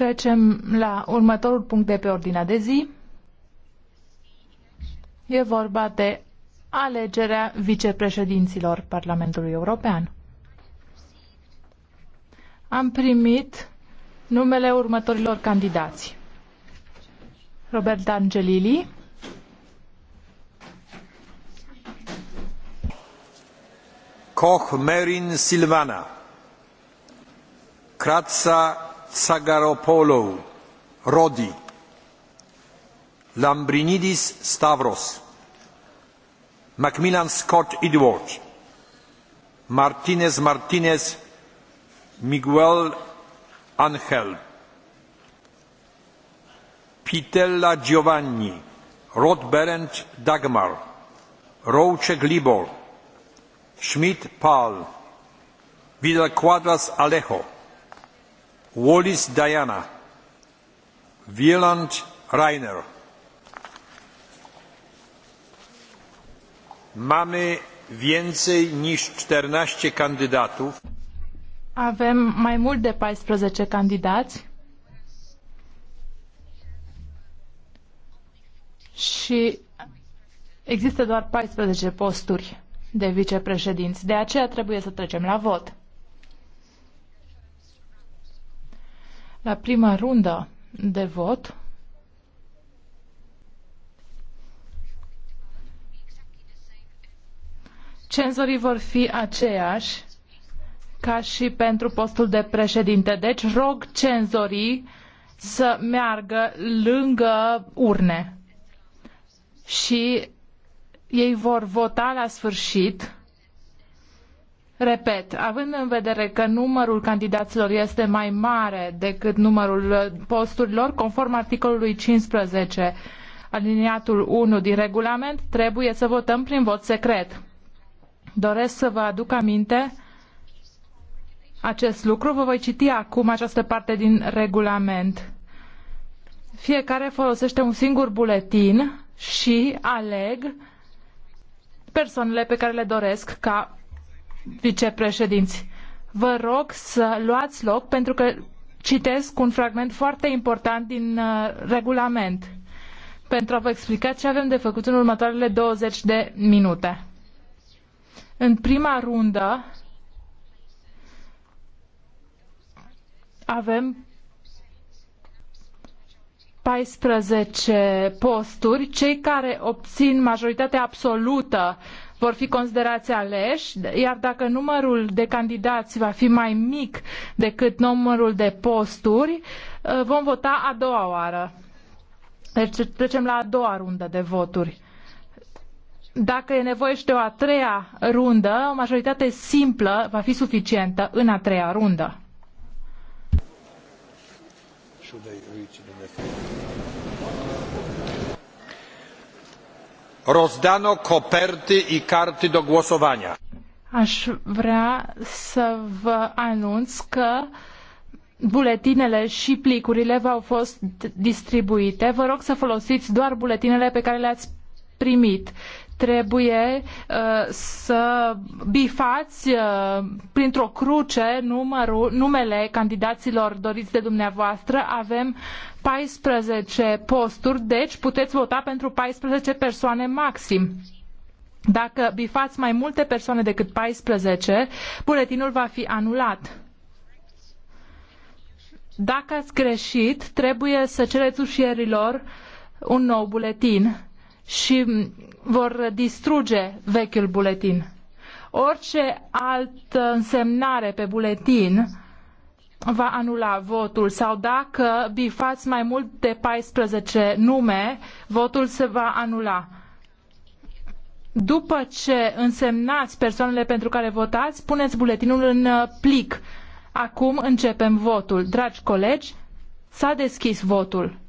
Trecem la următorul punct de pe ordinea de zi. E vorba de alegerea vicepreședinților Parlamentului European. Am primit numele următorilor candidați. Robert Angelili, Koch Merin Silvana, Kratza Tsagaropoulou, Rodi, Lambrinidis Stavros, Macmillan Scott Edward, Martinez Martinez, Miguel Angel, Pitella Giovanni, Rodberent Dagmar, Rouček Libor, Schmidt Paul, Vidal Quadras Alejo, Wallis Diana, Wieland Reiner. Mamy więcej niż 14 kandydatów. Avem mai mult de 14 candidați. Și există doar 14 posturi de vicepreședinți. De aceea trebuie să trecem la vot. La prima rundă de vot, cenzorii vor fi aceiași ca și pentru postul de președinte. Deci rog cenzorii să meargă lângă urne și ei vor vota la sfârșit Repet, având în vedere că numărul candidaților este mai mare decât numărul posturilor, conform articolului 15 aliniatul 1 din regulament, trebuie să votăm prin vot secret. Doresc să vă aduc aminte acest lucru. Vă voi citi acum această parte din regulament. Fiecare folosește un singur buletin și aleg persoanele pe care le doresc ca vicepreședinți. Vă rog să luați loc pentru că citesc un fragment foarte important din uh, regulament pentru a vă explica ce avem de făcut în următoarele 20 de minute. În prima rundă avem 14 posturi. Cei care obțin majoritatea absolută uh, vor fi considerați aleși, iar dacă numărul de candidați va fi mai mic decât numărul de posturi, uh, vom vota a doua oară. Deci trecem la a doua rundă de voturi. Dacă e nevoie și de o a treia rundă, o majoritate simplă va fi suficientă în a treia rundă. Should reach the next? Rozdano koperty i karty do głosowania. Aș vrea să vă anunț că buletinele și plicurile v-au fost distribuite. Vă rog să folosiți doar buletinele pe care le-ați primit trebuie uh, să bifați uh, printr-o cruce numărul, numele candidaților doriți de dumneavoastră. Avem 14 posturi, deci puteți vota pentru 14 persoane maxim. Dacă bifați mai multe persoane decât 14, buletinul va fi anulat. Dacă ați greșit, trebuie să cereți ușierilor un nou buletin și vor distruge vechiul buletin. Orice altă însemnare pe buletin va anula votul sau dacă bifați mai mult de 14 nume, votul se va anula. După ce însemnați persoanele pentru care votați, puneți buletinul în uh, plic. Acum începem votul. Dragi colegi, s-a deschis votul.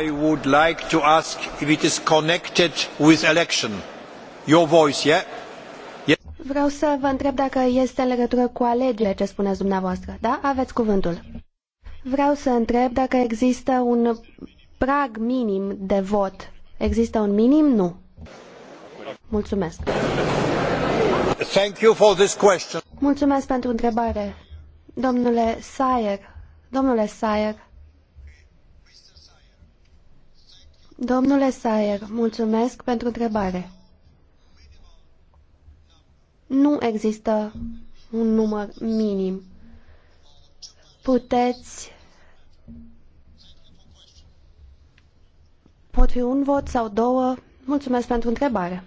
I would like to ask if it is connected with election. Your voice, yeah? yeah? Vreau să vă întreb dacă este în legătură cu alegerile ce spuneți dumneavoastră. Da? Aveți cuvântul. Vreau să întreb dacă există un prag minim de vot. Există un minim? Nu. Mulțumesc. Thank you for this question. Mulțumesc pentru întrebare. Domnule Sayer, domnule Sayer, Domnule Sayer, mulțumesc pentru întrebare. Nu există un număr minim. Puteți pot fi un vot sau două. Mulțumesc pentru întrebare.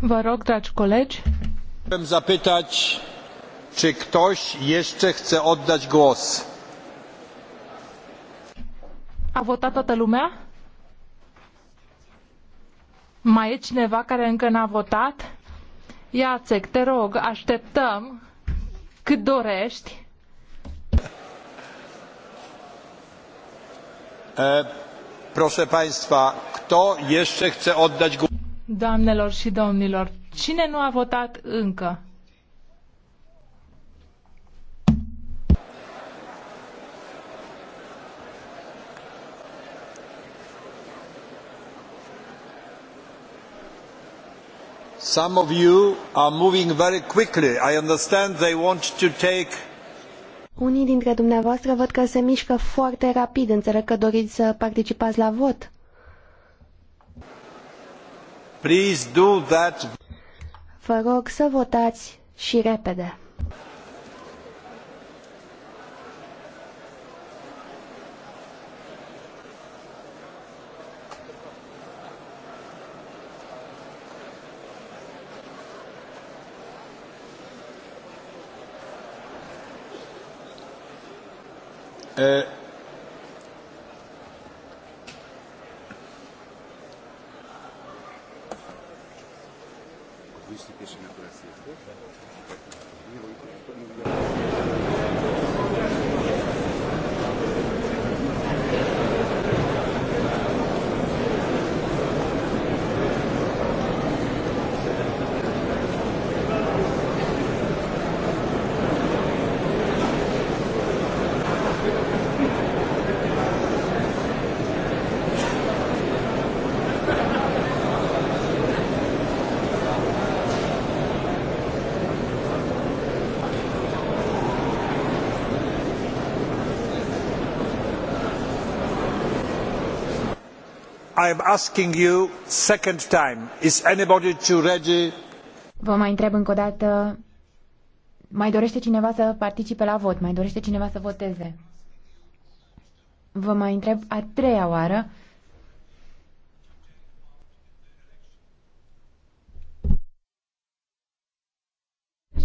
Vă rog, dragi colegi. Chciałbym zapytać, czy ktoś jeszcze chce oddać głos? A votat toată lumea? Mai e cineva care încă n-a votat? Iacek, te rog, așteptăm cât dorești. Proszę Państwa, kto jeszcze chce oddać głos? Doamnelor și domnilor, cine nu a votat încă? Some of you are moving very quickly. I understand they want to take unii dintre dumneavoastră văd că se mișcă foarte rapid. Înțeleg că doriți să participați la vot. Please do that. Vă rog să votați și repede. Uh, I am asking you second time. Is anybody ready? Vă mai întreb încă o dată. Mai dorește cineva să participe la vot? Mai dorește cineva să voteze? Vă mai întreb a treia oară.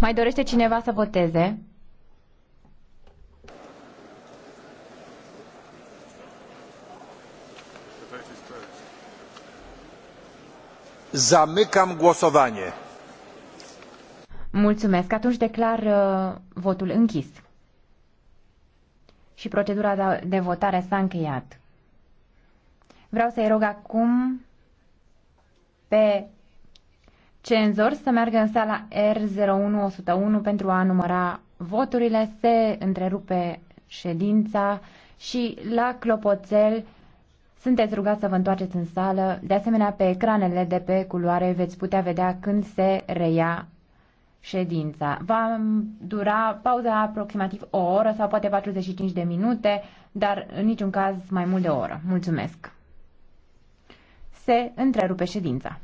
Mai dorește cineva să voteze? Zamykam głosowanie. Mulțumesc. Atunci declar uh, votul închis. Și procedura de, votare s-a încheiat. Vreau să-i rog acum pe cenzor să meargă în sala R01101 pentru a număra voturile. Se întrerupe ședința și la clopoțel sunteți rugați să vă întoarceți în sală. De asemenea, pe ecranele de pe culoare veți putea vedea când se reia ședința. Va dura pauza aproximativ o oră sau poate 45 de minute, dar în niciun caz mai mult de o oră. Mulțumesc! Se întrerupe ședința.